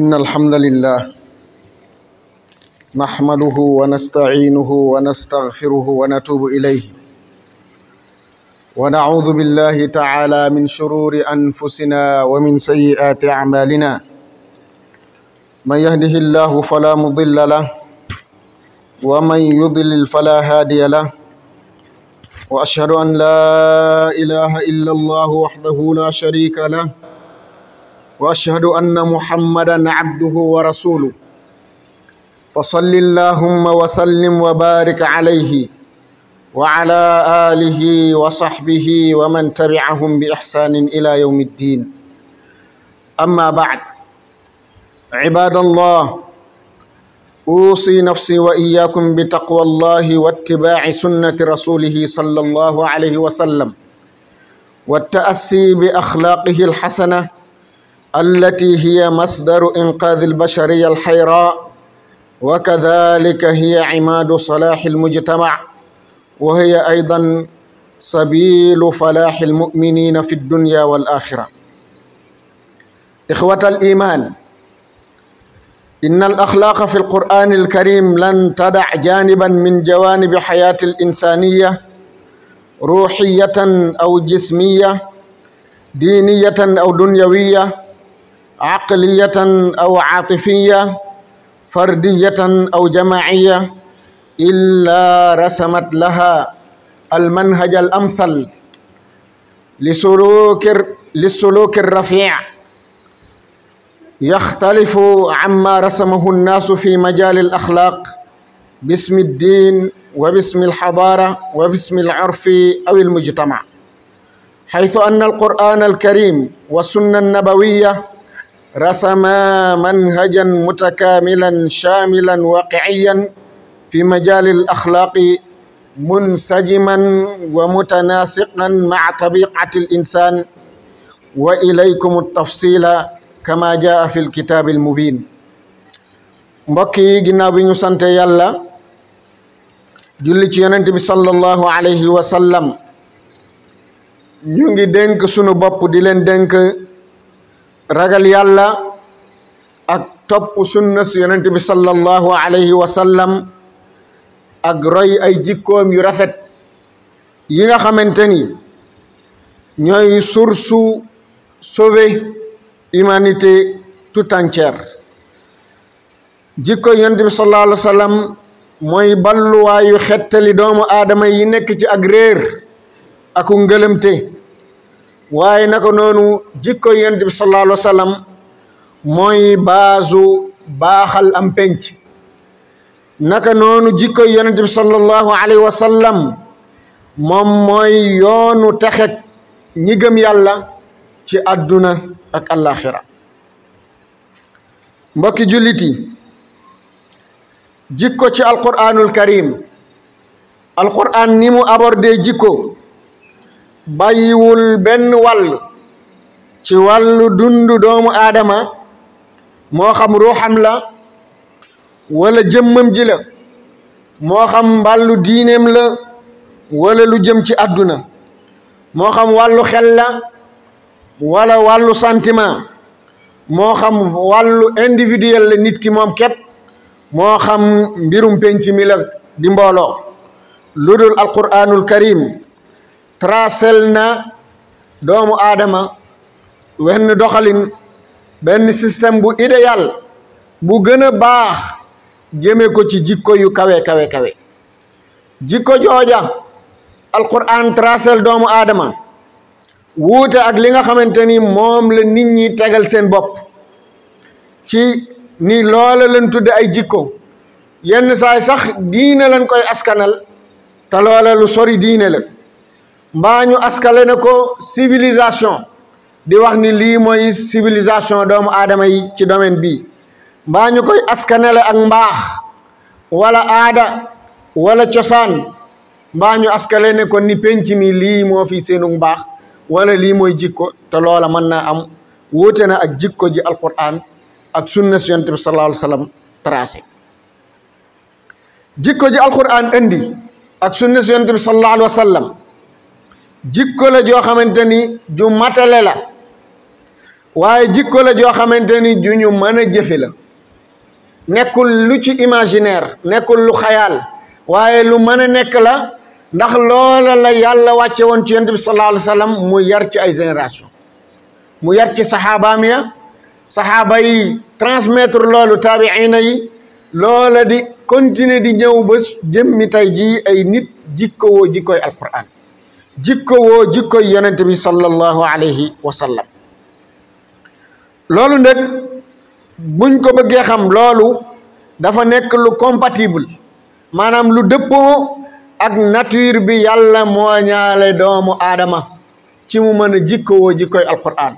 إن الحمد لله نحمده ونستعينه ونستغفره ونتوب إليه ونعوذ بالله تعالى من شرور أنفسنا ومن سيئات أعمالنا من يهده الله فلا مضل له ومن يضلل فلا هادي له وأشهد أن لا إله إلا الله وحده لا شريك له واشهد ان محمدا عبده ورسوله فصل اللهم وسلم وبارك عليه وعلى اله وصحبه ومن تبعهم باحسان الى يوم الدين اما بعد عباد الله اوصي نفسي واياكم بتقوى الله واتباع سنه رسوله صلى الله عليه وسلم والتاسي باخلاقه الحسنه التي هي مصدر إنقاذ البشرية الحيراء وكذلك هي عماد صلاح المجتمع وهي أيضا سبيل فلاح المؤمنين في الدنيا والآخرة إخوة الإيمان إن الأخلاق في القرآن الكريم لن تدع جانبا من جوانب حياة الإنسانية روحية أو جسمية دينية أو دنيوية عقلية أو عاطفية فردية أو جماعية إلا رسمت لها المنهج الأمثل لسلوك للسلوك الرفيع يختلف عما رسمه الناس في مجال الأخلاق باسم الدين وباسم الحضارة وباسم العرف أو المجتمع حيث أن القرآن الكريم والسنة النبوية رسما منهجا متكاملا شاملا واقعيا في مجال الأخلاق منسجما ومتناسقا مع طبيعة الإنسان وإليكم التفصيل كما جاء في الكتاب المبين mbokk yi ginnaaw bi ñu sant yàlla julli ci yonent bi sallallahu alayhi wa sallam ñu ngi dénk sunu bopp di leen dénk ragal yàlla ak topp sunna su yonent bi sallallahu alayhi ak roy ay jikkoom yu rafet yi nga xamante ni ñooy source sauver humanité tout entière jikko yonent bi sallallahu alayhi mooy balluwaayu xettali doomu aadama yi nekk ci ak réer aku ngëlëmte waaye naka noonu jikko yonent bi sallallahu mooy baasu baaxal am penc naka noonu jikko yonent bi sallallahu alayhi wa sallam moom mooy yoonu texet ñi gëm yàlla ci adduna ak àllaaxira mbokki julliti jikko ci alquraanul karim alquraan ni mu abordé jikko bàyyiwul benn wàll ci wàllu dundu doomu aadama moo xam ruuxam la wala jëmmam ji la moo xam wàllu diineem la wala lu jëm ci àdduna mooxam xam wàllu xel la wala wàllu sentiment moo individuel la nit ki moom képp moo xam mbirum penc mi di mbooloo lu dul alquraanul karim tracel na doomu aadama wenn doxalin benn système bu idéal bu gën a baax jëme ko ci jikko yu kawe kawe kawe jikko jooja alquran tracel doomu aadama wuute ak li nga xamante ni moom la nit ñi tegal seen bopp ci ni loola lañ tudde ay jikko yenn saay sax diine leen koy askanal te loola sori diine la mbaa ñu askale ko civilisation di wax ni lii mooy civilisation doomu aadama yi ci domaine bi mbaa ñu koy askanele ak mbaax wala aada wala cosaan mbaa ñu askale ne ko ni penc mi lii moo fi seenu mbaax wala lii mooy jikko te loola mën naa am wuute na ak jikko ji alquran ak sunna si yonent bi sallallahu alayhi wa sallam tracé jikko ji alquran indi ak sunna si yonent bi sallallahu jikko la joo xamante ni ju matale la waaye jikko la joo xamante ni ju ñu mën a jëfe la nekkul lu ci imaginaire nekkul lu xayaal waaye lu mën a nekk la ndax loola la yàlla wàcce woon ci yonent bi sallallahu alayhi wa sallam mu yar ci ay génération mu yar ci saxaabaam ya saxaaba yi loolu loolu taabiina yi loola di continuer di ñëw ba jëmmi tey ji ay nit jikkowoo jikkoy alquran jikko woo jikko yonent bi sallallahu alayhi wa sallam loolu nag buñ ko bëggee xam loolu dafa nekk lu compatible maanaam lu dëppoo ak nature bi yàlla moo ñaale doomu aadama ci mu mën a jikkowoo jikkoy alquran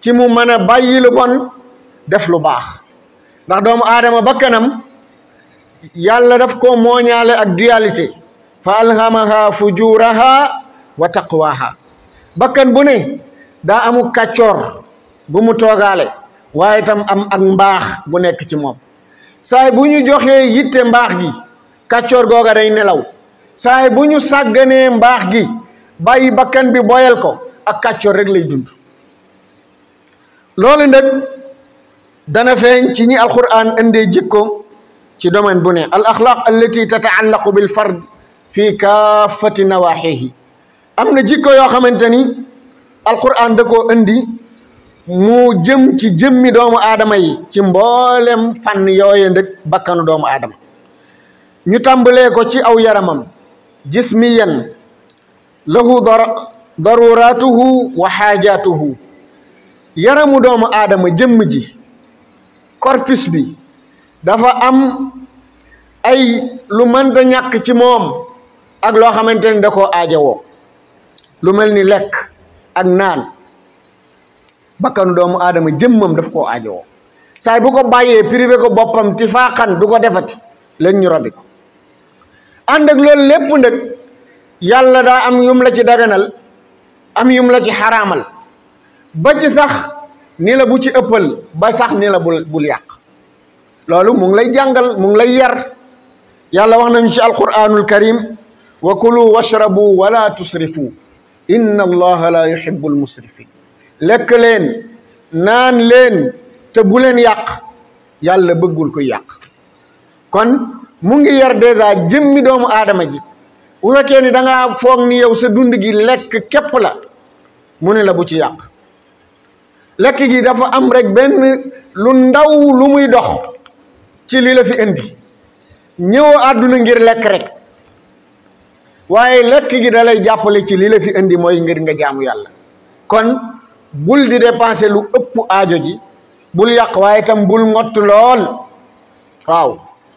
ci mu mën a bàyyi lu bon def lu baax ndax doomu aadama ba kanam yàlla daf ko mooñaale ak dualité fa alhamaha fujuraha wa taqwaha bakkan bu ne daa amu kàccoor bu mu toogaale waaye tam am ak mbaax bu nekk ci moom saay bu ñu joxee yitte mbaax gi kàccoor googa day nelaw saay bu ñu sàgganee mbaax gi bàyyi bakkan bi boyal ko ak kàccoor rek lay dund loolu nag dana feeñ ci ñi alquran indee jikko ci domaine bu ne al axlaq allati tataallaqu bil fard fi kaafati nawaxihi am na jikko yoo xamante ni alquran da koo indi mu jëm ci jëmmi doomu aadama yi ci mboolem fànn yooye ndëkk bakkanu doomu aadama ñu tàmbalee ko ci aw yaramam jismiyan lahu daruratuhu wa xaajaatuhu yaramu doomu aadama jëmm ji corpus bi dafa am ay lu mënta ñàkk ci moom ak loo xamante ni da koo aajowoo lu mel ni lekk ak naan bakkanu doomu aadama jëmmam daf koo ajoo saay bu ko bàyyee privé ko boppam ti faaxan du ko defati leen ñu robi ko ànd ak lépp nag yàlla daa am yum la ci daganal am yum la ci xaraamal ba ci sax ni la bu ci ëppal ba sax ni la bu bul yàq loolu mu ngi lay jàngal mu ngi lay yar yàlla wax nañu ci alquranul karim wa kulu washrabu wala tusrifu inna allaha la yuhibbul musrifin lekk leen naan leen te bu leen yàq yàlla bëggul ko yàq kon mu ngi yar dèjà jëmmi doomu aadama ji bu fekkee ni da foog ni yow sa dund gi lekk képp la mu ne la bu ci yàq lekk gi dafa am rekk benn lu ndaw lu muy dox ci li la fi indi ñëwoo àdduna ngir lekk rek waaye lekk gi da lay jàppale ci li la fi indi mooy ngir nga jaamu yàlla kon bul di dépenser lu ëpp aajo ji bul yàq waaye tam bul ngott lool waaw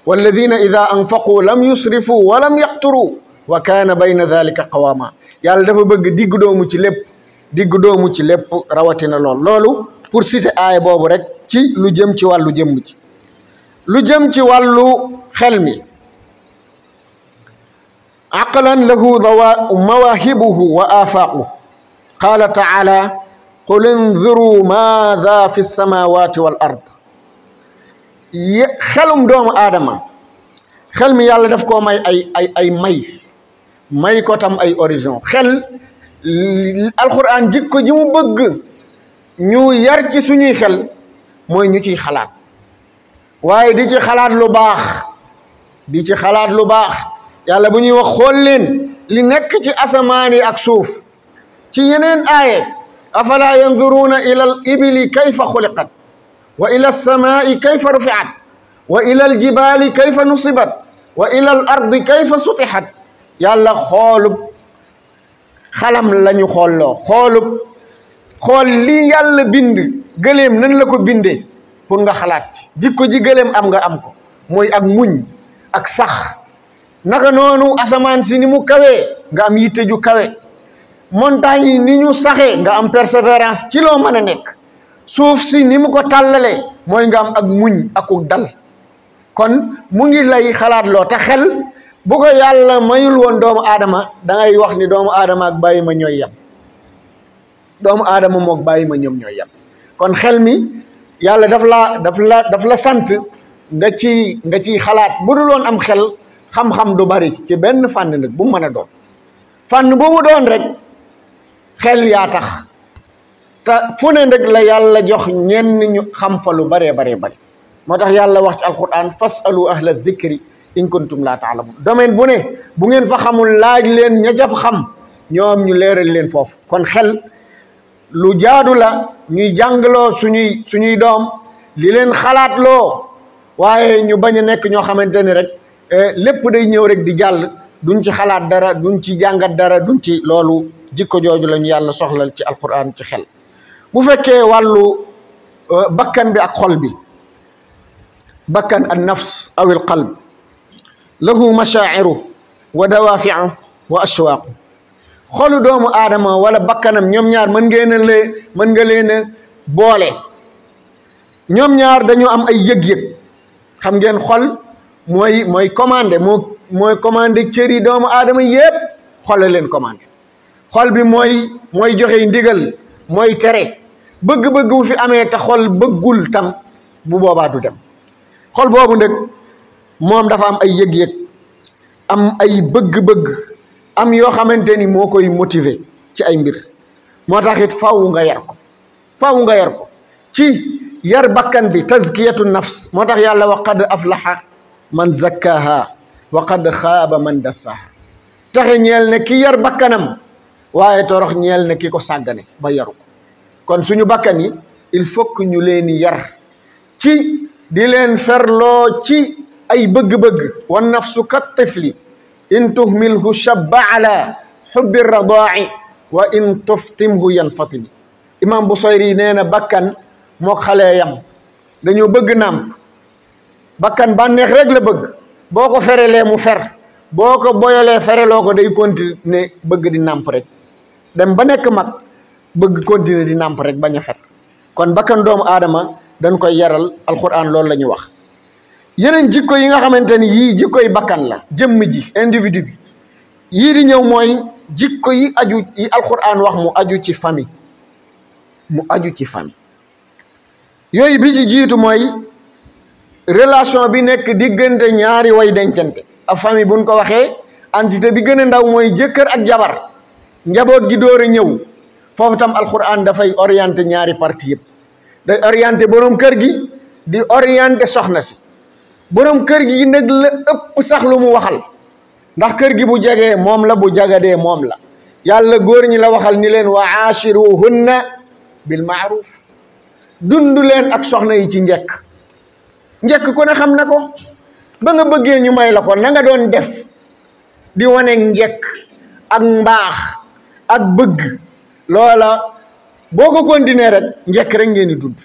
walladina ida anfaqu lam yusrifu wa lam yaqturu wa kaana bayna dalika qawama yàlla dafa bëgg diggu doomu ci lépp diggu doomu ci lépp rawatina lool loolu pour citer aaya boobu rek ci lu jëm ci wàllu jëmm ci lu jëm ci wàllu xel mi aqlan lahu mawaahibuhu wa afaaqu qaala taala qul inzuru maada fi samawati wal ard xelum doomu aadama xel mi yàlla daf koo may ay ay ay may may ko tam ay origine xel alquran jikko ji mu bëgg ñu yar ci suñuy xel mooy ñu ciy xalaat waaye di ci xalaat lu baax di ci xalaat lu baax yàlla bu ñuy wax xool leen li nekk ci asamaan yi ak suuf ci yeneen aaye afalaa yanzuruuna ila al ibili kayfa xuliqat wa ila alsamaai kayfa rufiat wa ila aljibaali kayfa nusibat wa yàlla xoolub xalam lañu ñu xoolloo xoolub xool lii yàlla bind gëleem nan la ko bindee pour nga xalaat jikko ji gëleem am nga am ko mooy ak muñ ak sax naka noonu asamaan si ni mu kawee nga am yitte ju kawe montagne yi ni ñu saxee nga am persévérance ci loo mën a nekk suuf si ni mu ko tàllalee mooy nga am ak muñ akuk dal kon mu ngi lay xalaat loo te xel bu ko yàlla mayul woon doomu aadama dangay wax ni doomu aadama ak bàyyi ma ñooy yem doomu aadama moog bàyyi ma ñoom ñooy yem kon xel mi yàlla daf la daf la sant nga ci nga ciy xalaat bu dul woon am xel xam-xam du bari ci benn fànn nag bu mu mën a doon fànn bu mu doon rek xel yaa tax te fu ne rek la yàlla jox ñenn ñu xam fa lu baree baree bari moo tax yàlla wax ci alquran fasalu ahla dikri in kuntum laa taalamun domaine bu ne bu ngeen fa xamul laaj leen ña jaf xam ñoom ñu leeral leen foofu kon xel lu jaadu la ñuy jàngloo suñuy suñuy doom li leen xalaat loo waaye ñu bañ a nekk ñoo xamante ni rek Eh, lépp day ñëw rek di jàll duñ ci xalaat dara duñ ci jàngat dara duñ ci loolu jikko jooju lañu yàlla soxlal ci alquran ci xel bu fekkee wàllu eh, bakkan bi ak xol bi bakkan an nafs aw al qalb lahu mashaa'iru wa dawaafi'u wa ashwaaqu xolu doomu aadama wala bakkanam ñoom ñaar mën ngeen a lee mën nga leen a boole ñoom ñaar dañoo am ay yëg-yëg xam ngeen xol mooy mooy commandé moo mooy commandé cër yi doomu aadama yépp xoolal leen commandé xol bi mooy mooy joxe ndigal mooy tere bëgg-bëgg bu fi amee te xol bëggul tam bu boobaa dem xol boobu nag moom dafa am ay yëg-yëg am ay bëgg-bëgg am yoo xamante ni moo koy motiver ci ay mbir moo tax it faaw nga yar ko faaw nga yar ko ci yar bakkan bi tazkiyatu nafs moo tax yàlla wax qad aflaha man zakkaha wa qad xaaba man dassaha taxe ñeel ne ki yar bakkanam waaye torox ñeel ki ko sàggane ba yaru kon suñu bakkan yi il faut que ñu leen yar ci di leen ferloo ci ay bëgg-bëgg wa nafsu ka tifli in tuhmilhu shabba ala xubbi radaa'i wa in tuftimhu yanfatimi imam Busayri nee bakkan moo xalee yam dañoo bëgg nàmp bakkan bànneex rek la bëgg boo ko ferelee mu fer boo ko boyalee fereloo ko day continuer bëgg di namp rek dem ba nekk mag bëgg continuer di nàmp rek bañ a fer kon bakkan doomu aadama dañ koy yaral alquran loolu la ñu wax yeneen jikko yi nga xamante ni yii jikko yi bakkan la jëmm ji individu bi yii di ñëw mooy jikko yi aju yi alquran wax mu aju ci famille mu aju ci famille yooyu bi ci jiitu mooy relation bi nekk diggante ñaari way dencante a famille buñ ko waxee entité bi gën a ndaw mooy jëkkër ak jabar njaboot gi door a ñëw foofu tam alquran dafay orienté ñaari parti yëpp day orienté borom kër gi di orienté soxna si borom kër gi nag la ëpp sax lu mu waxal ndax kër gi bu jegee moom la bu jagadee moom la yàlla góor ñi la waxal ni leen waa wa aachiruhunna bil maaruf dund leen ak soxna yi ci njekk njekk ko ne xam na ko ba nga bëggee ñu may la ko na nga doon def di wane njëkk ak mbaax ak bëgg loola boo ko continuer rek njekk rek ngeen di dudd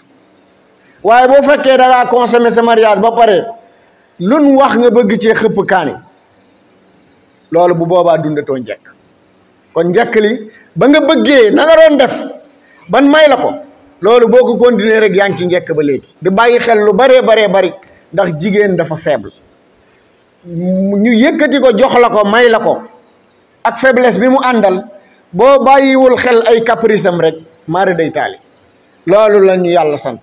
waaye boo fekkee da ngaa consommer mariage ba pare lun wax nga bëgg cee xëpp kaani loolu bu boobaa dundatoo njekk kon njëkk li ba nga bëggee nanga nga doon def ban may la ko loolu boo ko continuer rek yaa ngi ci njëkk ba léegi di bàyyi xel lu baree baree bari ndax jigéen dafa faible ñu yëkkati ko jox la ko may la ko ak faiblesse bi mu àndal boo bàyyiwul xel ay caprice am rek maari day taali loolu lañu yàlla sant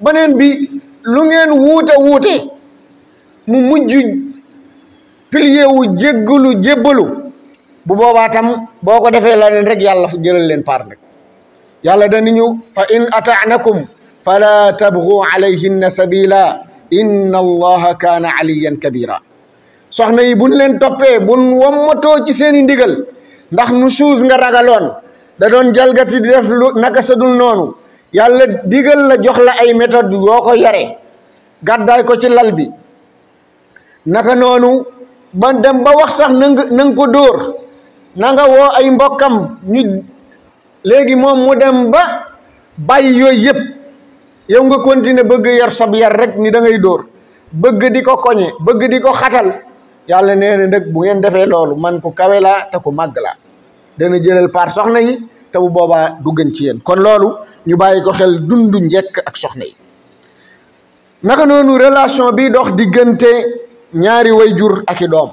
beneen bi lu ngeen wuute wuute mu mujj pilier wu jéggalu jébbalu bu boobaa tam boo ko defee la leen rek yàlla fu jëlal leen paar nag yàlla danañu fa in ataanakum fala tabgu alayhinna sabila inna allaha kaana aliyan kabira soxna yi buñ leen toppee buñ wommatoo ci seeni i ndigal ndax nu suus nga ragaloon da doon jalgati di def lu naka sadul noonu yàlla digal la jox la ay méthode woo ko yare gàddaay ko ci lal bi naka noonu ba dem ba wax sax na nga ko dóor na woo ay mbokkam ñu léegi moom mu dem ba bàyyi yooyu yëpp yow nga continuer bëgg yar sob yar rek ni dangay dóor bëgg di ko koñe bëgg di ko xatal yàlla nee na nag bu ngeen defee loolu man ku kawe laa te ku màgg laa dana jëlal paar soxna yi te bu boobaa du gën ci yéen kon loolu ñu bàyyi ko xel dundu njekk ak soxna yi naka noonu relation bi dox diggante ñaari way jur ak i doom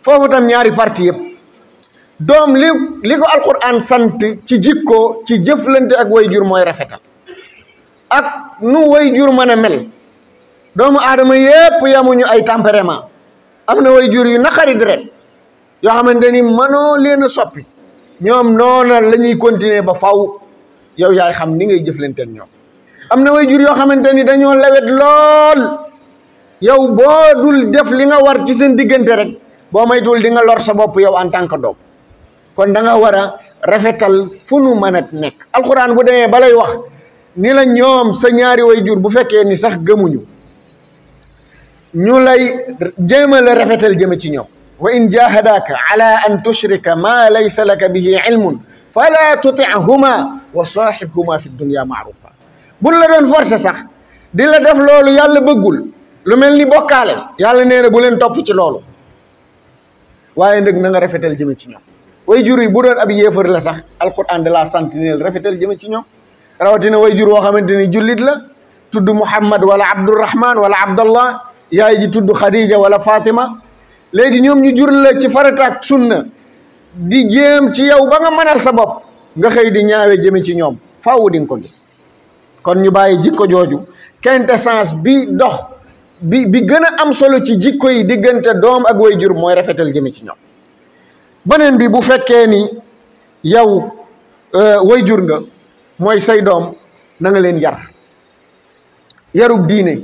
foofu tam ñaari parti yëpp doom li li ko alquran sant ci jikko ci jëflante ak way wayjur mooy rafetal ak nu wayjur man a mel doomu aadama yépp yamuñu ay tempérament am na way wayjur yu naqari deret yoo xamante ni mënoo leen a soppi ñoom noona la ñuy continuer ba faw yow yaay xam ni ngay jëflanteen ñoom am na wayjur yoo xamante ni dañoo lawet lool yow boo dul def li nga war ci seen diggante rek boo maytul di nga lor sa bopp yow en tant que doom kon danga nga war a rafetal fu nu mën a nekk alxuraan bu demee ba lay wax ni la ñoom sa ñaari way jur bu fekkee ni sax gëmuñu ñu lay jéem la rafetal jëme ci ñoom wa in jahadaka ala an tushrika ma laysa laka bihi ilmun fala tutihuma wa saaxibhuma fi dunya maarufa buñ la doon forcé sax di la def loolu yàlla bëggul lu mel ni bokkaale yàlla nee bu leen topp ci loolu waaye nag na rafetal jëme ci ñoom way jur yi bu doon ab yéefar la sax alquran de la sentinelle rafetal jëme ci ñoom rawatina way jur woo xamante ni jullit la tudd Muhammad wala Abdurrahman wala Abdallah yaay ji tudd Khadija wala Fatima léegi ñoom ñu jur la ci farata ak sunna di jéem ci yow ba nga mënal sa bopp nga xëy di ñaawe jëme ci ñoom faaw di nga ko gis kon ñu bàyyi jikko jooju quintessence bi dox bi bi gën a am solo ci jikko yi diggante doom ak way jur mooy rafetal jëme ci ñoom beneen bi bu fekkee ni yow euh, jur nga mooy say doom na leen yar yarub diine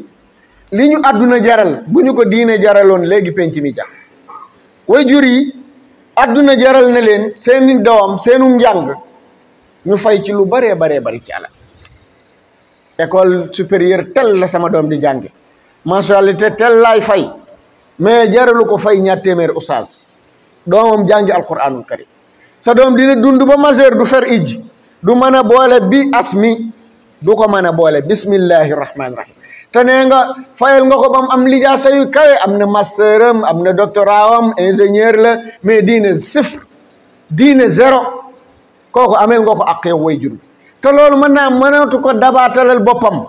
li ñu àdduna jaral bu ñu ko diinee jaraloon léegi penc mi ja wayjur yi àdduna jaral na leen seeni doom seenu njàng ñu fay ci lu baree baree bari ci alal école supérieure tel la sama doom di jànge mensualité tel laay fay mais jaralu ko fay ñaar téeméer oustaz doomam jàngi alquranul karim sa doom dina dund ba majeur du fer ijji du mën a boole bi asmi du ko mën a boole bismillahi rahmaani rahim te nee nga fayal nga ko ba am lijaasa yu kawe am na master am na doctorat am ingénieur la mais diine sifr diine zéro kooku amel nga ko ak yow way jur te loolu mën naa mënatu ko dabaatalal boppam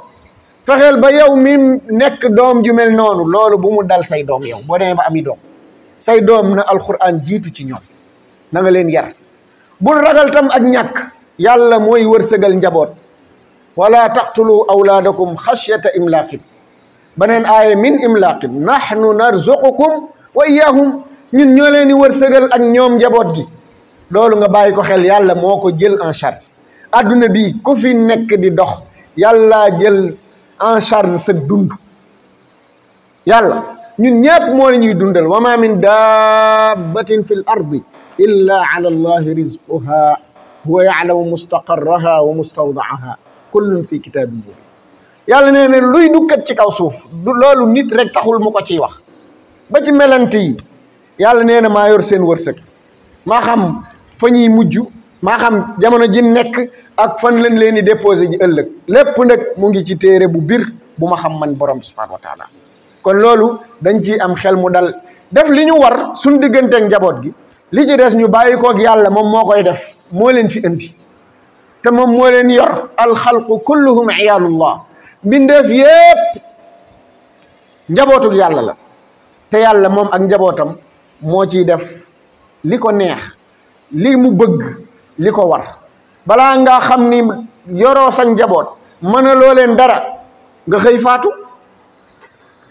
fexeel ba yow mi nekk doom ju mel noonu loolu bu mu dal say doom yow boo demee ba ami doom say doom na alxuraan jiitu ci ñoom na leen yar bu ragal tam ak ñàkk yàlla mooy wërsëgal njaboot wala taqtulu awlaadakum xashyata imlaaqin beneen aaya min imlaaqin nahnu narzuqukum wa iyaahum ñun ñoo leen di wërsëgal ak ñoom njaboot gi loolu nga bàyyi ko xel yàlla moo ko jël en charge adduna bi ku fi nekk di dox yàlla jël en charge sa dund yàlla ñun ñëpp moo la ñuy dundal wa ma min dabbatin fi l ardi illa ala allahi rizquha huwa yaalamu mustaqarraha wa mustawdaaha fi kitaabin mubin yàlla luy dukkat ci kaw suuf du loolu nit rek taxul mu ko ciy wax ba ci melante yi yàlla nee na maa seen wërsëg maa xam fa ñuy mujj maa xam jamono ji nekk ak fan lañ leen di déposé ji ëllëg lépp nag mu ngi ci téere bu bir bu ma xam man borom subhanahu wa kon loolu dañ ci am xel mu dal def li ñu war suñ digganteeg njaboot gi li ci des ñu bàyyi kook yàlla moom moo koy def moo leen fi indi te moom moo leen yor alxalqu kulluhum iyaalullah mbindeef yépp njabootug yàlla la te yàlla moom ak njabootam moo ciy def li ko neex li mu bëgg li ko war balaa nga xam ni yoroo sa njaboot mën a loo leen dara nga xëy faatu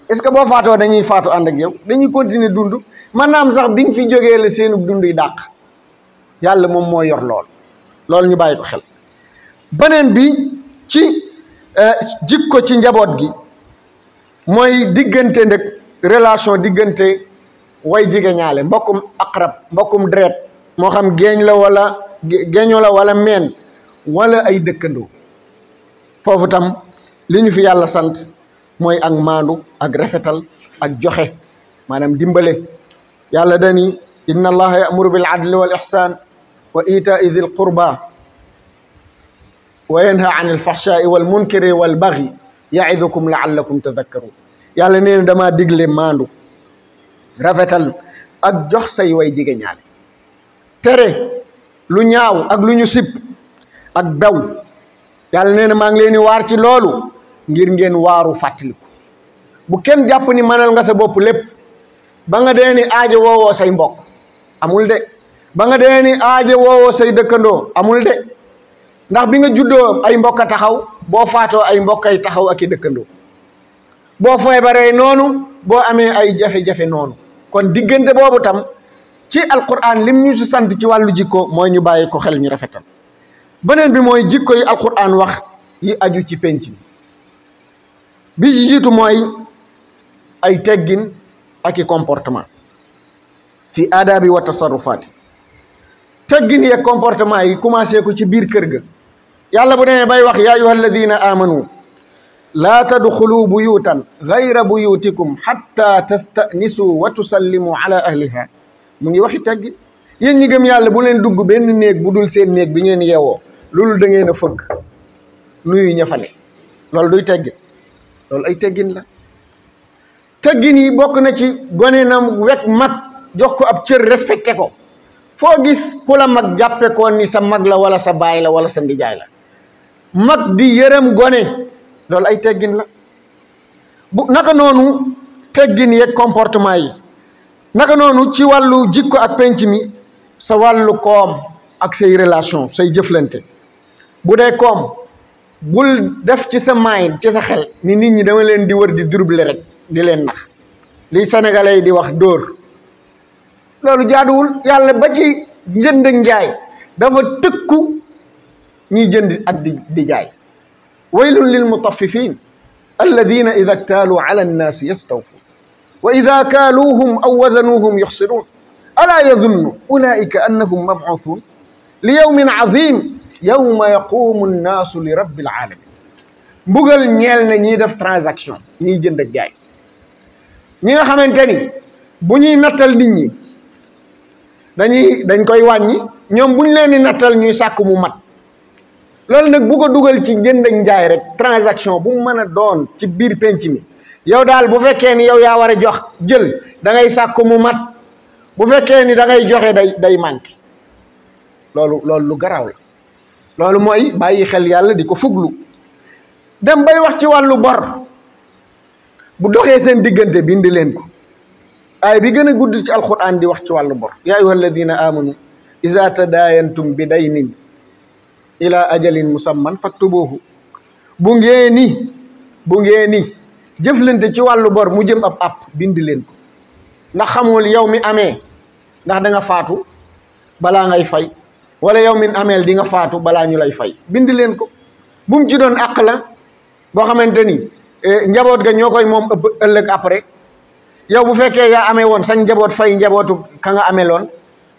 est-ce que boo faatoo dañuy faatu ànd ak yow dañuy continuer dund maanaam sax biñ fi jógee la seenu dund yi dàq yàlla moom moo yor lool loolu ñu bàyyi ko xel beneen bi ci euh, jikko ci njaboot gi mooy diggante ndëg relation diggante way jige mbokkum aqrab mbokkum dret moo xam geeñ la wala géeño la wala meen walla ay dëkkandoo foofu tam li ñu fi yàlla sant mooy ak maandu ak rafetal ak joxe maanaam dimbale yàlla dani inna allaha ya'muru bil adli wal ihsan wa ita'i dhil qurba wa yanha anil fahshai wal munkari wal baghi ya'idukum la'allakum tadhakkarun yàlla nee na damaa digle maandu rafetal ak jox say way jige ñaale tere lu ñaaw ak lu ñu sib ak daw yàlla nee na maa ngi leen di waar ci loolu ngir ngeen waaru fàttaliku bu kenn jàpp ni manal nga sa bopp lépp ba nga dee ni aajo woowoo say mbokk amul de ba nga dee ni aajo woowoo say dëkkandoo amul de ndax bi nga juddoo ay mbokka taxaw boo faatoo ay mbokk ay taxaw ak i dëkkandoo boo feebaree noonu boo amee ay jafe-jafe noonu kon diggante boobu tam ci alquran lim ñu si sant ci wàllu jikko mooy ñu bàyyi ko xel ñu rafetal beneen bi mooy jikko yi alquran wax yi aju ci penc mi bi ci jiitu mooy ay teggin ak i comportement fi aadaabi wa tasarrufaati teggin yeeg comportement yi commencé ko ci biir kër ga yàlla bu demee bay wax yaa ayuha alladina amanu laa tadxulu buyutan gayra buyutikum xatta tastanisu wa tusallimu ala ahliha mu ngi waxi teggin yéen ñi yàlla bu leen dugg benn néeg bu dul seen néeg bi ngeen yeewoo loolu da ngeen a fëgg nuyu ña fa duy teggin loolu ay teggin la teggin yi bokk na ci gone na wek mag jox ko ab cër respecté ko foo gis ku la mag jàppe ko ni sa mag la wala sa baay la wala sa ndijaay la mag di yërëm gone loolu ay teggin la bu naka noonu teggin yeeg comportement yi naka noonu ci wàllu jikko ak penc mi sa wàllu koom ak say relation say jëflante bu dee koom bul def ci sa mind ci sa xel ni nit ñi dama leen di wër di dribble rek di leen nax li sénégalais yi di wax dóor loolu jaaduwul yàlla ba ci njënd njaay dafa tëkku ñiy jënd ak di di jaay waylun lil mutaffifin alladina ida ktaaluu ala annaasi yastawfuun wa ida kaaluuhum aw wazanuuhum yuxsiruun alaa yazunnu ulaika annahum mabcuusuun li yawmin azim yawma yaqumu nnaasu li rabbil alamin mbugal ñeel na ñiy def transaction ñiy jënd ak jaay ñi nga xamante ni bu ñuy nattal nit ñi dañuy dañ koy wàññi ñoom buñ leen di nattal ñuy sàkk mu mat loolu nag bu ko dugal ci jënd ak njaay rek transaction bu mu mën a doon ci biir penc mi yow daal bu fekkee ni yow yaa war a jox jël dangay ngay sàkk mu mat bu fekkee ni da ngay joxe day day manqué loolu lu garaaw la loolu mooy bàyyi xel yàlla di ko fuglu dem bay wax ci wàllu bor bu doxee seen diggante bind leen ko aay bi gën a gudd ci alquran di wax ci wàllu bor yaa ayuha alladina amanu iza tadaayantum bi daynin ila ajalin musamman faktubuhu bu ngeeni bu ngeeni jëflante ci wàllu bor mu jëm ab app bind leen ko ndax xamul yow mi amee ndax danga faatu balaa ngay fay wala yow min ameel di nga faatu balaa ñu lay fay bind leen ko bum mu ci doon àq la boo xamante ni eh, njaboot ga ñoo koy moom ëllëg après yow bu fekkee yaa amee woon sañ njaboot fay njabootu ka nga amee loon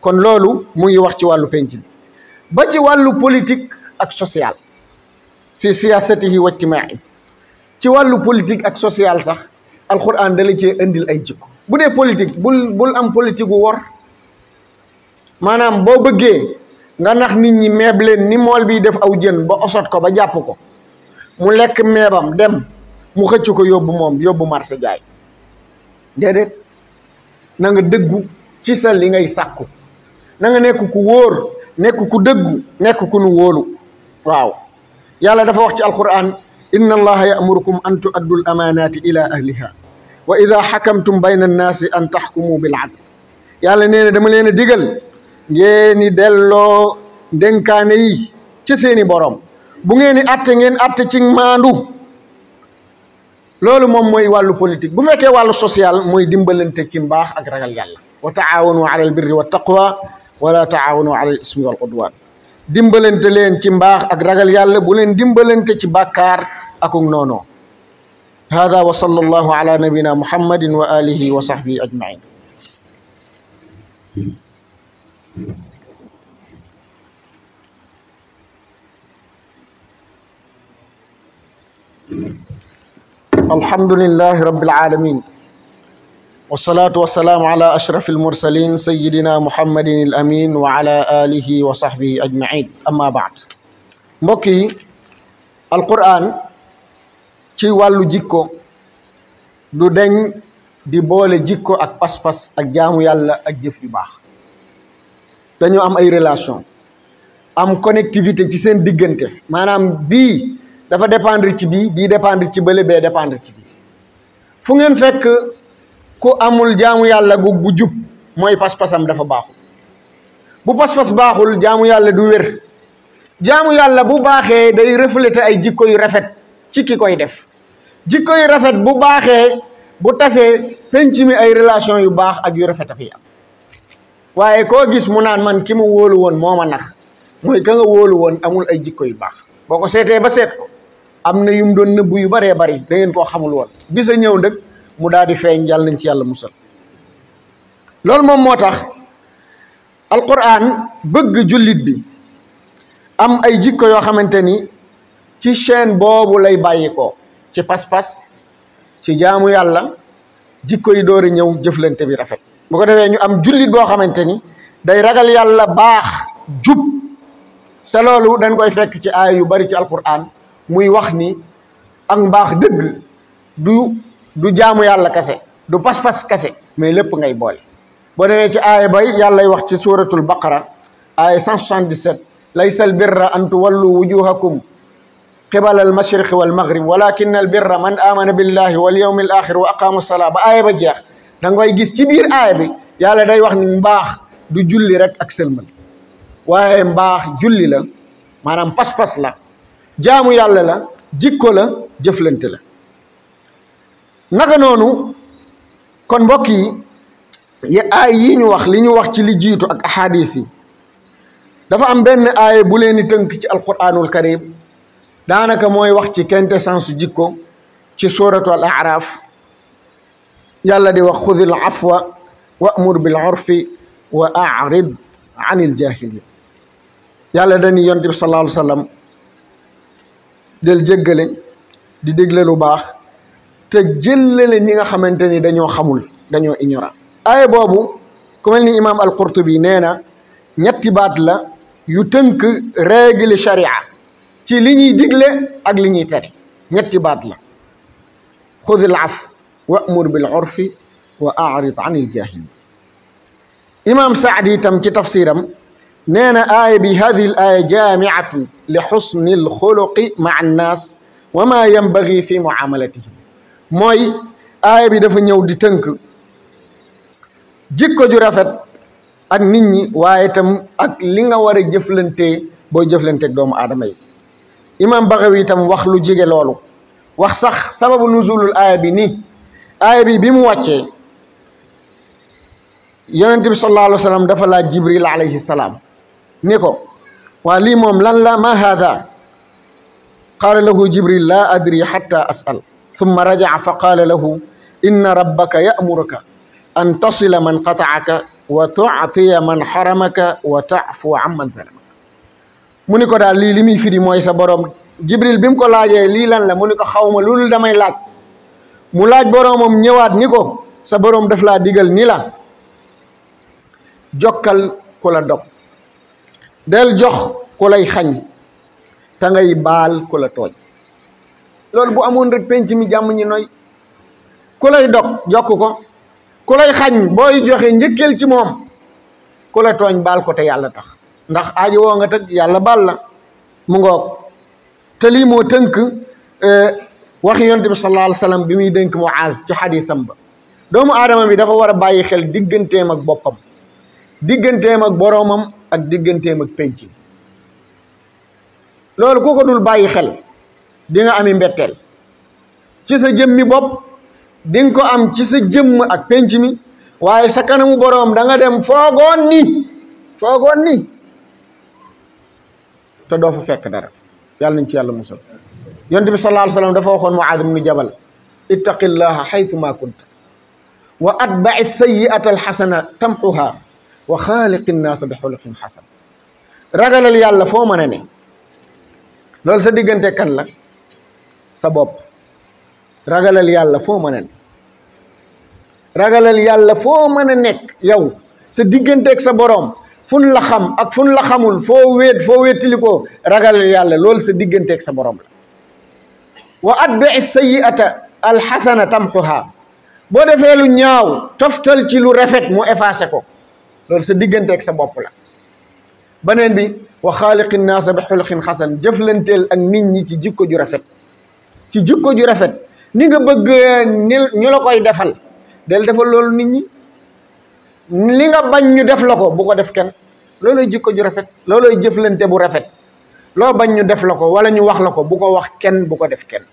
kon loolu mu ngi wax ci wàllu penc bi ba ci wàllu politique ak social fi siyaasatihi wa ijtimaai ci wàllu politique ak social sax alquran dala cee indil ay jikko bu dee politique bul bul am politique wu wor maanaam boo bëggee nga nax nit ñi meeb leen ni mool bi def aw jën ba osot ko ba jàpp ko mu lekk meebam dem mu xëcc ko yóbbu moom yóbbu marché jaay déedéet na nga dëggu ci sa li ngay sàkku na nga nekk ku wóor nekk ku dëggu nekk ku nu wóolu waaw yàlla dafa wax ci alquran inna allaha yaamurukum an tuaddu al amaanaati ila ahliha wa ida xakamtum bayna annaasi an taxkumu bil adl yàlla nee dama leen a digal ngeeni delloo ndenkaane yi ci seeni borom bu ngeeni atte ngeen atte ci maandu loolu moom mooy wàllu politique bu fekkee wàllu social mooy dimbalante ci mbaax ak ragal yàlla wa taawanu ala al wa taqwa wala taawanu ala al ismi wal udwan leen ci mbaax ak ragal bu leen dimbalante ci bàkkaar akuk noonoo hada wa sallallahu ala nabina muhammadin wa alihi wa sahbihi ajmain الحمد لله رب العالمين والصلاة والسلام على أشرف المرسلين سيدنا محمد الأمين وعلى آله وصحبه أجمعين أما بعد mbokki alquran ci wàllu jikko du deñ di boole jikko ak pas-pas ak jaamu yàlla ak jëf yu baax dañoo am ay relation am connectivité ci seen diggante maanaam bii dafa dépendre ci bii bii dépendre ci ba bee dépendre ci bii fu ngeen fekk ku amul jaamu yàlla gu gu jub mooy pas-pasam dafa baaxul bu pas-pas baaxul jaamu yàlla du wér jaamu yàlla bu baaxee day refléter ay jikko yu rafet ci ki koy def jikko yu rafet bu baaxee bu tasee penc mi ay relation yu baax ak yu rafeta fii am waaye koo gis mu naan man ki mu wóolu woon moo ma nax mooy ka nga wóolu woon amul ay jikko yu baax boo ko seetee ba seet ko am na yum doon nëbbu yu baree bari dangeen ngeen koo xamul woon bisa ñëw ndëg mu daal di feeñ yàlla nañ ci yàlla musal loolu moom moo tax alquran bëgg jullit bi am ay jikko yoo xamante ni ci chaîne boobu lay bàyyi ko ci pas-pas ci jaamu yàlla jikko yi door a ñëw jëflante bi rafet bu ko defee ñu am jullit boo xamante ni day ragal yàlla baax jub te loolu dañ koy fekk ci aaya yu bari ci alquran muy wax ni ak mbaax dëgg du du jaamu yàlla kase du pas-pas kase mais lépp ngay boole boo demee ci aaya bay yàllay wax ci suratul baqara aaya 177 laysa al birra an tuwallu wujuhakum qibala al mashriqi wal maghrib walakin al birra man amana billahi wal yawmi al axir wa aqaama salaa ba aaya ba jeex danga ngay gis ci biir aaya bi yàlla day wax ni mbaax du julli rek ak sëlmal waaye mbaax julli la maanaam pas-pas la jaamu yàlla la jikko la jëflante la naka noonu kon mbokk yi aay yi ñu wax li ñu wax ci li jiitu ak ahadis yi dafa am benn aaya bu leen di tënk ci alquranul karim daanaka mooy wax ci quintessence jikko ci suratu al araf yàlla di wax xudil afwa wa'mur bil urfi wa a'rid anil jahilin yàlla dañuy yonent bi sallallahu alayhi wa sallam del jéggale di dégle lu baax te jëllale ñi nga xamante ni dañoo xamul dañoo ignorant aaya boobu ku mel ni imaam al-Qurtubi nee na ñetti baat la yu tënk règle sharia ci li ñuy digle ak li ñuy tere ñetti baat la xudil af wa'mur bil urfi wa a'rid anil jaahil imaam saadi itam ci tafsiram nee na aaya bi hadihi l aaya jaamiatun li xusni l naas maa nnaas wa maa yambagi fi muamalatihim mooy aaya bi dafa ñëw di tënk jikko ju rafet ak nit ñi waaye itam ak li nga war a jëflantee booy jëflanteeg doomu aadama yi imaam Bagawi itam wax lu jige loolu wax sax sababu nuzulul aaya bi nii aaya bi bi mu wàccee yonent bi sallallahu alayhi wa sallam dafa laaj jibril alayhi salaam ne ko waa lii moom lan la ma haada qaala lahu jibril laa adri xatta asal thumma rajaca fa qaala lahu inna rabbaka ya'muruka an tasila man qataaka wa tuctiya man xaramaka wa tacfu an man zalamaka mu ni ko daal lii li muy firi mooy sa borom jibril bi mu ko laajee lii lan la mu ni ko xawma loolu damay laaj mu laaj boroomam ñëwaat ni ko sa boroom daf laa digal ni la jokkal ku la dog del jox ku lay xañ te ngay baal ku la tooñ loolu bu amoon rek penc mi jàmm ñi noy ku lay dog jokk ko ku lay xañ booy joxe njëkkeel ci moom ku la tooñ baal ko te yàlla tax ndax aajo woo nga tëg yàlla baal la mu ngoog te lii moo tënk euh, wax yonent bi sallallahu bi muy dénk Muaaz ci xadisam ba doomu aadama bi dafa war a bàyyi xel digganteem ak boppam digganteem ak boroomam ak digganteem ak penc loolu ku ko dul bàyyi xel dinga nga ami mbetteel ci sa jëmmi bopp di ko am ci sa jëmm ak penc mi waaye sa kanamu boroom da dem foogoon ni foogoon ni te doo fa fekk dara yàlla nañ ci yàlla musal yonent bi sallallahu alayhi wa sallam dafa waxoon Muaad ibn Jabal ittaqillaha xaytu ma kunta wa atbaci sayiata alxasana tamxuha wa xaaliqi nnaasa bi xuluqin xasan ragalal yàlla foo mën a ne loolu sa diggante kan la sa bopp ragalal yàlla foo mën a ne ragalal yàlla foo mën a nekk yow sa digganteeg sa boroom fun la xam ak fun la xamul foo wéet foo wéettilikoo ragalal yàlla loolu sa digganteeg sa boroom la wa atbii sayiata alxasana tamxuha boo defee lu ñaaw toftal ci lu rafet mu effacé ko loolu sa diggante ak sa bopp la beneen bi wa xaaliqi naasa bi xulqin xasan jëflanteel ak nit ñi ci jikko ju rafet ci jikko ju rafet ni nga bëgg ni ñu la koy defal del defal loolu nit ñi li nga bañ ñu def la ko bu ko def kenn looloy jikko ju rafet looloy jëflante bu rafet loo bañ ñu def la ko wala ñu wax la ko bu ko wax kenn bu ko def kenn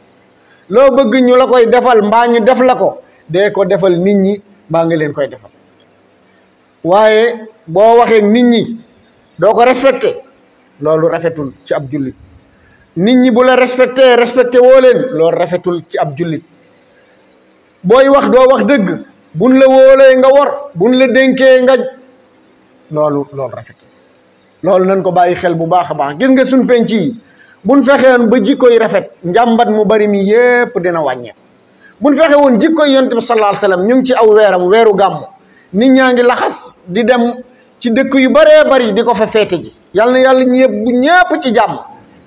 loo bëgg ñu la koy defal mbaa ñu def la ko dee ko defal nit ñi mbaa ngi leen koy defal waaye boo waxee nit ñi doo ko respecté loolu rafetul ci ab jullit nit ñi bu la respecté respecté woo leen loolu rafetul ci ab jullit booy wax doo wax dëgg buñ la wóolee nga wor buñ la dénkee nga loolu loolu rafetul loolu nañ ko bàyyi xel bu baax a baax gis nga suñ penc yi buñ fexe woon ba jikko yi rafet njàmbat mu bari mi yépp dina wàññeeku buñ fexe woon jikko yi yonent bi sallallahu alayhi wasallam ñu ngi ci aw weeram weeru gàmm nit ñaa ngi laxas di dem ci dëkk yu baree bari di ko fa ji yal na yàlla ñu bu ñëpp ci jàmm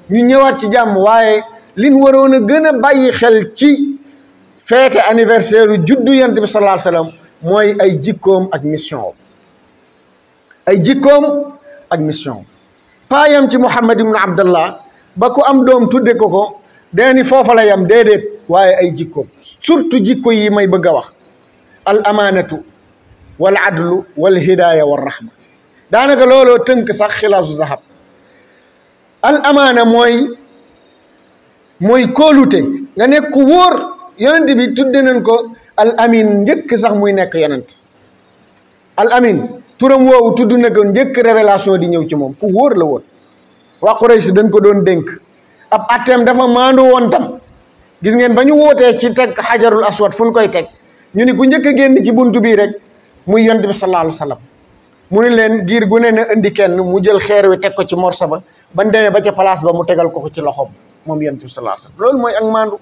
ñu ñëwaat ci jàmm waaye liñ waroon a gën a bàyyi xel ci feete anniversaire juddu yonent bi sallallahu alayhi mooy ay jikkoom ak mission ay jikkoom ak mission paayam ci Muhammad ibnu Abdallah ba ku am doom tudde ko ko deeni foofa la yam déedéet waaye ay jikko surtout jikko yi may bëgg a wax al amaanatu wal adlu wal hidaaya wal rahma daanaka looloo tënk sax xilaasu zahab al amaana mooy mooy kóolute nga nekk ku wóor yonent bi tudde nañ ko al njëkk sax muy nekk yonent al turam woowu tudd na ko njëkk révélation di ñëw ci moom ku wóor la woon waa Quraysh dañ ko doon dénk ab atteem dafa maandu woon tam gis ngeen ba ñu wootee ci teg xajarul aswad fu koy teg ñu ni ku njëkk génn ci bunt bii rek muy yonent bi sallallahu mu ni leen giir gu ne na indi kenn mu jël xeer wi teg ko ci morsa ba ban demee ba ca palaas ba mu tegal ko ci loxoom moom yonent bi sallallahu loolu mooy ak maandu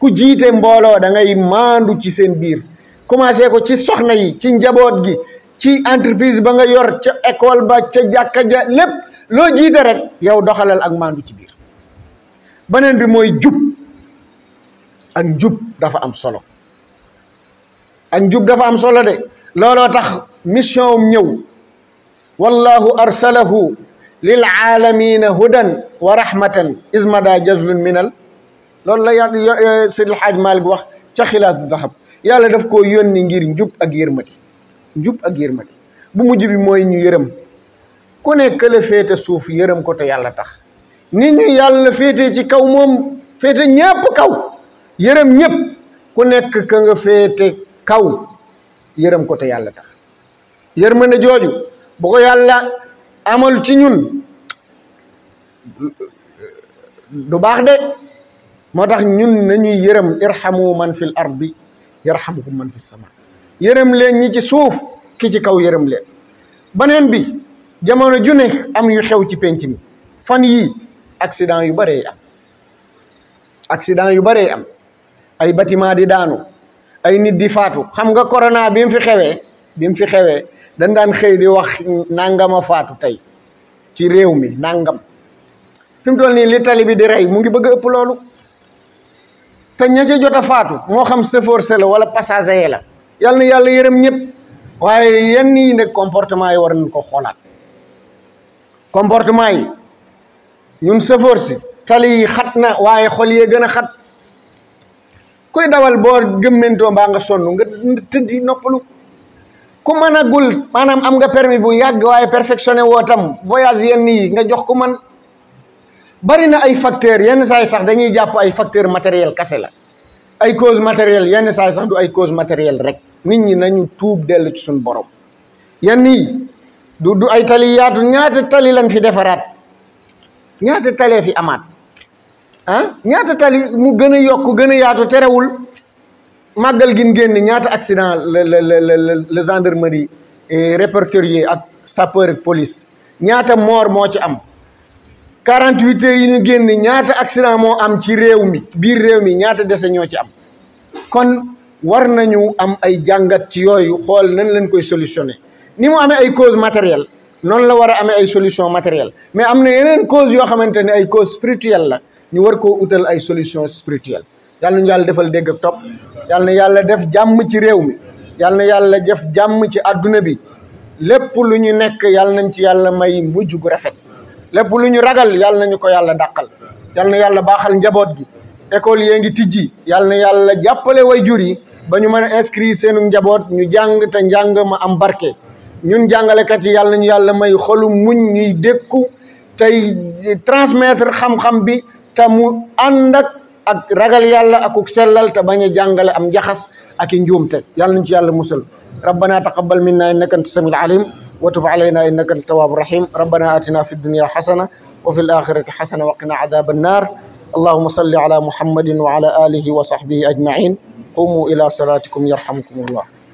ku jiite mbooloo da ngay maandu ci seen biir ci entreprise ba nga yor ca école ba ca jàkka ja lépp loo jiite rek yow doxalal ak maandu ci biir beneen bi mooy jub ak jub dafa am solo ak jub dafa am solo de looloo tax mission am ñëw wallahu arsalahu lil aalamina hudan wa rahmatan ismada jazlun minal loolu la yàlla Seydil Hadj Malick wax ca xilaasu dahab yàlla daf ko yónni ngir njub ak yërmati njub ak yërmande bu mujj bi mooy ñu yërëm ku ne kële féete suuf yërëm ko te yàlla tax ni ñu yàlla féete ci kaw moom féete ñépp kaw yërëm ñépp ku nekk ka nga féete kaw yërëm ko te yàlla tax yërmande jooju bu ko yàlla amal ci ñun du baax de moo tax ñun nañuy yërëm irhamu man fil ardi yarhamukum man fis sama yërëm leen ñi ci suuf ki ci kaw yërëm leen beneen bi jamono ju ne am yu xew ci penc mi fan yii accident yu bare am accident yu bare am ay bâtiment di daanu ay nit di faatu xam nga corona bi fi xewee bi fi xewee dañ daan xëy di wax nangama faatu tey ci réew mi nangam fi mu toll nii li tali bi di rey mu ngi bëgg a ëpp loolu te ña ca jot a faatu moo xam chauffeur la wala passager la. yàlla na yàlla yërëm ñëpp waaye yenn yi nag comportement yi war nañ ko xoolaat comportement yi ñun sëfoor si tali yi xat na waaye xool yee gën a xat kuy dawal boo gëmmentoo baa nga sonn nga tëddi noppalu ku mën a gul maanaam am nga permis bu yàgg waaye perfectionné woo tam voyage yenn yi nga jox ku man bari na ay facteur yenn saay sax dañuy jàpp ay facteur matériel kase la ay cause matérielle yenn saa sax du ay cause matérielle rek nit ñi nañu tuub dell ci suñu borom yan yi du ay tali yaatu ñaata tali lañ fi defaraat ñaata talee fi amaat ah ñaata tali mu gën a yokk gën a yaatu terewul màggal gin génn ñaata accident la la la la gendarmerie répertorié ak sapeur police ñaata moor moo ci am 48 heures yi ñu génn ñaata accident moo am ci réew mi biir réew mi ñaata dese ñoo ci am kon war nañu am ay jàngat ci yooyu xool nan lañ koy solutionner ni mu amee ay cause matérielle noonu la war a amee ay solution matérielle mais am na yeneen cause yoo xamante ne ay cause spirituelle la ñu war ko utal ay solution spirituelle yàlla nañu yàlla defal dégg ak topp yàlla na yàlla def jàmm ci réew mi yàlla na yàlla def jàmm ci àdduna bi lépp lu ñu nekk yàlla nañ ci yàlla may mujj rafet lépp lu ñu ragal yàlla nañu ko yàlla dàqal yàlla na yàlla baaxal njaboot gi école yee ngi tijji yàlla na yàlla jàppale wayjur yi ba ñu mën a inscrire seenu njaboot ñu jàng te njàng ma am barke ñun jàngale jàngalekat yi yàlla nañu yàlla may xolu muñ ñuy dékku tey transmettre xam-xam bi ta mu ànd ak ak ragal yàlla akuk sellal te bañ a jàngale am jaxas ak i njuumte yàlla ñu ci yàlla musal rabbana taqabbal minna innaka anta samiul alim وتب علينا إنك التواب الرحيم ربنا آتنا في الدنيا حسنة وفي الآخرة حسنة وقنا عذاب النار اللهم صل على محمد وعلى آله وصحبه أجمعين قوموا إلى صلاتكم يرحمكم الله